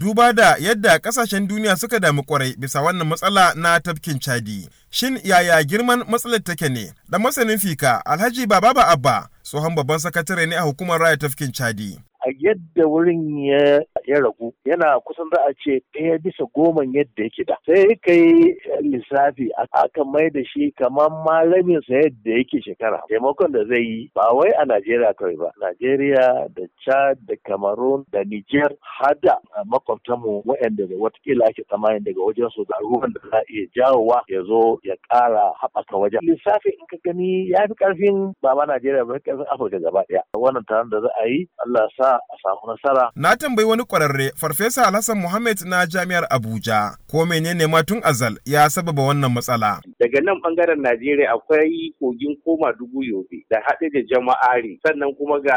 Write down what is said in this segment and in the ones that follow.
duba da yadda kasashen duniya suka damu kwarai bisa wannan matsala na tafkin chadi shin yaya girman matsalar take ne da masanin fika alhaji baba abba tsohon babban sakatare ne a hukumar raya tafkin chadi a yadda wurin ya ya ragu yana kusan za a ce ɗaya bisa goma yadda yake da sai ka yi lissafi aka mai da shi kamar malamin sa yadda yake shekara taimakon da zai yi ba wai a najeriya kawai ba najeriya da chad da cameroon da niger hada mu waɗanda da watakila ake tsammanin daga wajen su da ruwan da za iya jawowa ya zo ya ƙara haɓaka wajen lissafi in ka gani ya fi ƙarfin ba ma najeriya ba karfin afirka gaba ɗaya wannan taron da za a yi allah sa a samu nasara na tambayi wani kwararre Farfesa Alhassan Muhammad na Jami'ar Abuja, ko menene ma tun azal ya sababa wannan matsala? daga nan bangaren najeriya akwai kogin koma dubu yobe da haɗe da jama'ari sannan kuma ga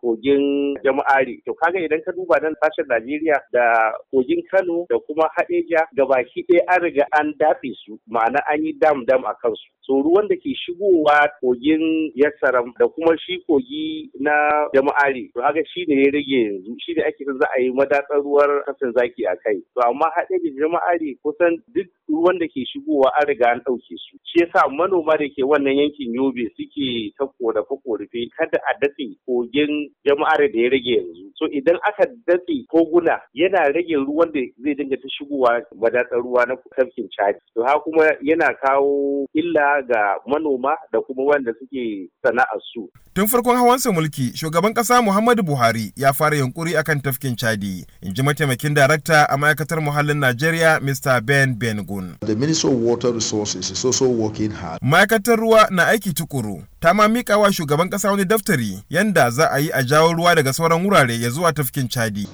kogin jama'ari to kaga idan ka duba nan sashen najeriya da kogin kano da kuma haɗeja baki ɗaya an riga an dafe su ma'ana an yi dam dam a kansu so ruwan da ke shigowa kogin yassaram da kuma shi kogi na jama'ari to kaga shi ne ya rage yanzu shi ne ake za a yi madatsar ruwar kasan zaki a kai to amma haɗe da jama'ari kusan duk ruwan da ke shigowa an riga an ɗauke su shi yasa manoma da ke wannan yankin yobe suke ta korafe korafe kada a datse kogin jama'ar da ya rage yanzu so idan aka datse koguna yana rage ruwan da zai dinga ta shigowa wadatar ruwa na tafkin chad to ha kuma yana kawo illa ga manoma da kuma wanda suke sana'ar su tun farkon hawansa mulki shugaban kasa muhammadu buhari ya fara yunkuri akan tafkin chadi in ji mataimakin darakta a ma'aikatar muhallin najeriya mr ben bengun the minister of water resources is also working hard ma'aikatar ruwa na aiki tukuru ta ma mika wa shugaban kasa wani daftari yanda za a yi a jawo ruwa daga sauran wurare ya zuwa tafkin chadi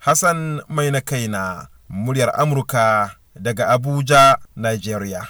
hassan mai na kaina muryar amurka daga abuja nigeria